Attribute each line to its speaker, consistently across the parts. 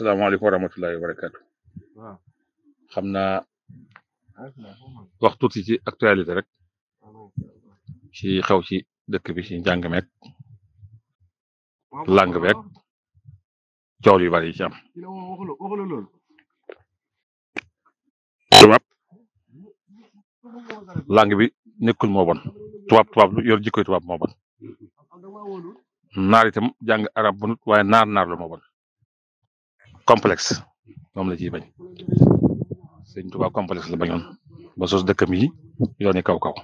Speaker 1: asalaamaaleykum wa rahmatullahi wa barakatu xam naa wax ci actualité rek ci xew ci dëkk bi ci njàng meek lang beek coow yu bari yi ci am tubaab lang bi nekkul moo bon tubaab tubaab lu yor jikkoy tubaab moo bon naar itam jàng arab bunut waaye naar naar lu moo complex moom la ciy bañ sëñ Tuubaa complexe la bañoon ba sos dëkkam yi yooni kaw kaw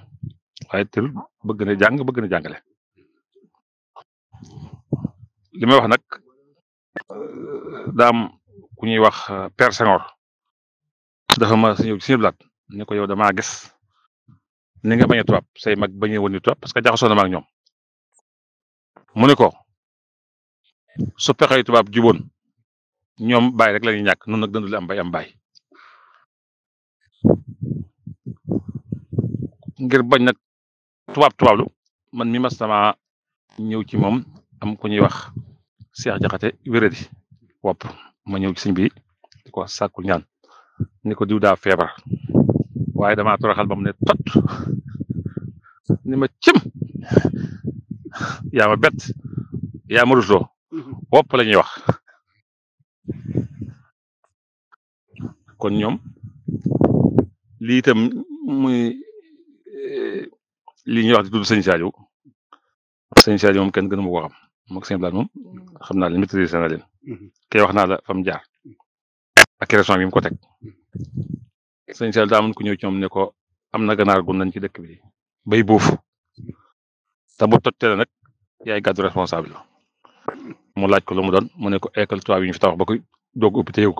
Speaker 1: waaye teel bëgg na jàng bëgg na jàngale li may wax nag daam ku ñuy wax euh, Père Senghor dafa ma suñu suñu blaat ne ko yow damaa gis ni nga bañ a mag bañ a parce que jaxasoo na ma ak ñoom mu ne ko su pexey tubaab ñoom bàyyi rek la ñuy ñàkk noonu nag dënd li am bay ngir bañ nag tubaab tubaablu man mi mas sama ñëw ci moom am ku ñuy wax Cheikh Jaxate wéradi wopp ma ñëw ci bi di ko sàkkul ñaan ni ko diw feebar waaye damaa toroxal ba tot ni cim yaa ma bett yaa ma rusloo mhm. wopp wax kon ñoom lii tam muy eh, li ñuy wax di tudd sëñ Sadio sëñ Sadio moom kenn gënu ma ko xam moom sëñ Blanc moom xam naa leen maîtriser na mm-hmm. wax naa la fam jaar ak région bi mu ko teg mm-hmm. sëñ Sadio daa amoon ku ñëw ci ne ko am na ganaar gun nañ ci dëkk bi bay buuf te bu toj teel nag yaay gàddu responsable mu laaj ko lu mu doon mu ne ko école tubaab yi ñu fi tax ba koy doog ubbi te yëg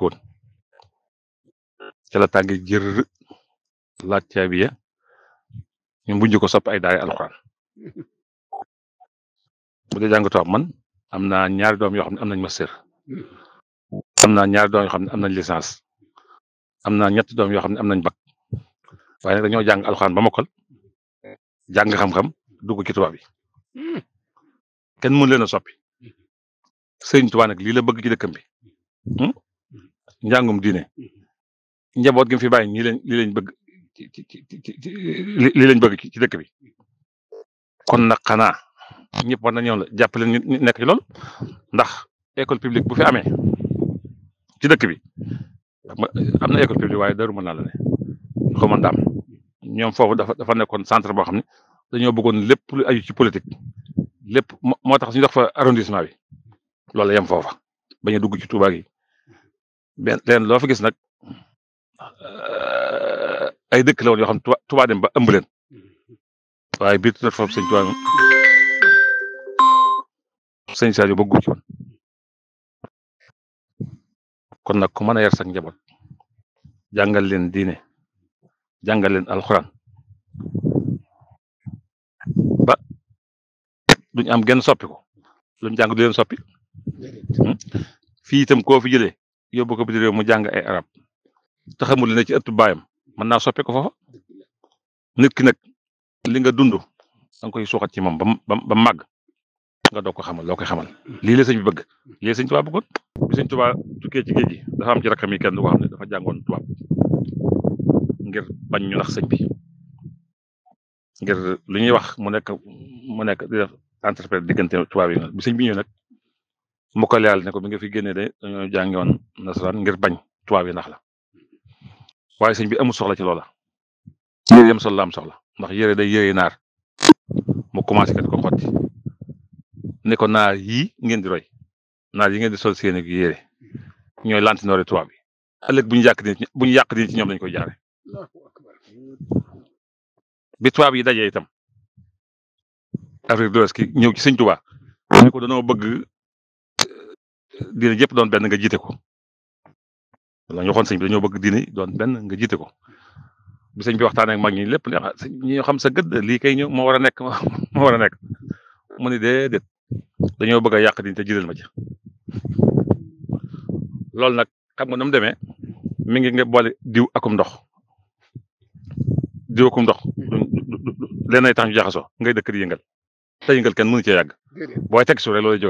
Speaker 1: ca la tànge jër laaj caabi ya ñun buñ ko sopp ay daara alxuraan bu dee jàngatoo man am naa ñaari doom yoo xam ne am nañ master am naa ñaari doom yoo xam ne am nañ licence am naa ñetti doom yoo xam ne am nañ bac waaye nag dañoo jàng alxuraan ba mokkal jàng xam-xam dugg ci tubaab bi kenn mënu leen a soppi sëñ Tuubaa nag lii la bëgg ci dëkkam hmm? diine njaboot gi fi bàyyi nii lañ lii lañ bëgg ci ci ci lii lañ ci dëkk bi kon nag xanaa ñëpp war na ñëw la ñu nekk ci lool ndax école publique bu fi amee ci dëkk bi am na école publique waaye daru mën naa la ne ko mën ñoom foofu dafa dafa nekkoon centre boo xam ne dañoo bëggoon lépp lu aju ci politique lépp moo tax suñu dox fa arrondissement bi loolu yem foofa bañ a dugg ci Touba gi benn leen loo fa gis nag ay dëkk la woon yoo xam Touba Touba dem ba ëmb leen waaye biir tuuti foofu sëñ Touba sëñ Sadio ba guub ci woon kon nag ku mën a yar sax njaboot jàngal leen diine jàngal leen alxuraan ba duñ am genn soppi ko luñ jàng du leen soppi hmm? fii itam koo fi jëlee yóbbu ko biti réew mu jàng ay arab te xamul ne ci tu baayam mën naa soppeeku foofa nit ki nag li nga dund danga koy suuxat ci moom ba ba màgg nga doog ko xamal loo koy xamal lii la sëñ bi bëgg lii sëñ Tuubaa bëggoon bi sëñ Tuubaa tukkee ci géej gi dafa am ci rakkam yi kenn xam ne dafa jàngoon tubaab ngir bañ ñu nax sëñ bi ngir lu ñuy wax mu nekk mu nekk di def interprète diggante yi bi sëñ bi ñëw nag mu ko leeral ne ko bi nga fi génnee de dañoo jàngoon nasaraan ngir bañ tubaab yi nax la waaye sëñ bi amul soxla ci loola yére yam sol la am soxla ndax yére day yére naar mu commencé kat ko xotti ne ko naar yii ngeen di roy naar yi ngeen di sol seen ak yére ñooy lantinoore tubaab bi ëllëg bu ñu yàq di bu ñu yàq di ci ñoom lañ koy jaare bi tubaab yi dajee itam Afrique de ki ñëw ci sëñ Tuubaa ne ko danoo bëgg eh, dina jëpp doon benn nga jiite ko la ñu waxoon bi dañoo bëgg diine doon benn nga jiite ko bi sëñ bi waxtaanee ak mag ñi lépp ah, ñi ñoo xam sa gëdd lii kay ñëw moo war a nekk moo war a nekk mu ni déedéet dañoo bëgg a yàq diine te jiital ma ci loolu nag xam nga nu deme mi ngi nga boole diw akum ndox diw akum ndox mm-hmm. lenay tax ñu jaxasoo ngay dëkk di yëngal te yëngal kenn mënu cee yàgg boo teg suuf rek loolu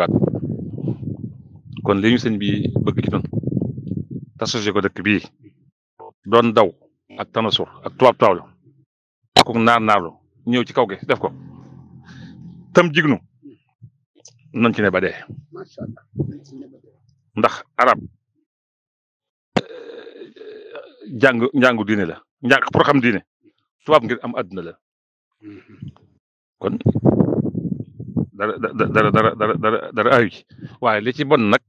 Speaker 1: kon li ñu sëñ bi bëgg ci noonu tasuse ko dëkk bii doon daw ak tanasur ak tubaab tubaab la ak naar naar la ñëw ci kaw gi def ko tam jignu nañ ci ne ba ndax arab jàng njàngu diine la njàng pour xam diine tubaab ngir am àdduna la kon dara dara dara dara dara dara waaye li ci bon nag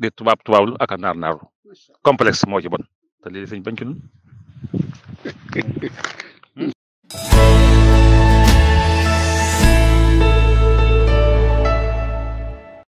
Speaker 1: de tubaab tubaab lu ak a naar complexe moo ci bon te lii dañ bañ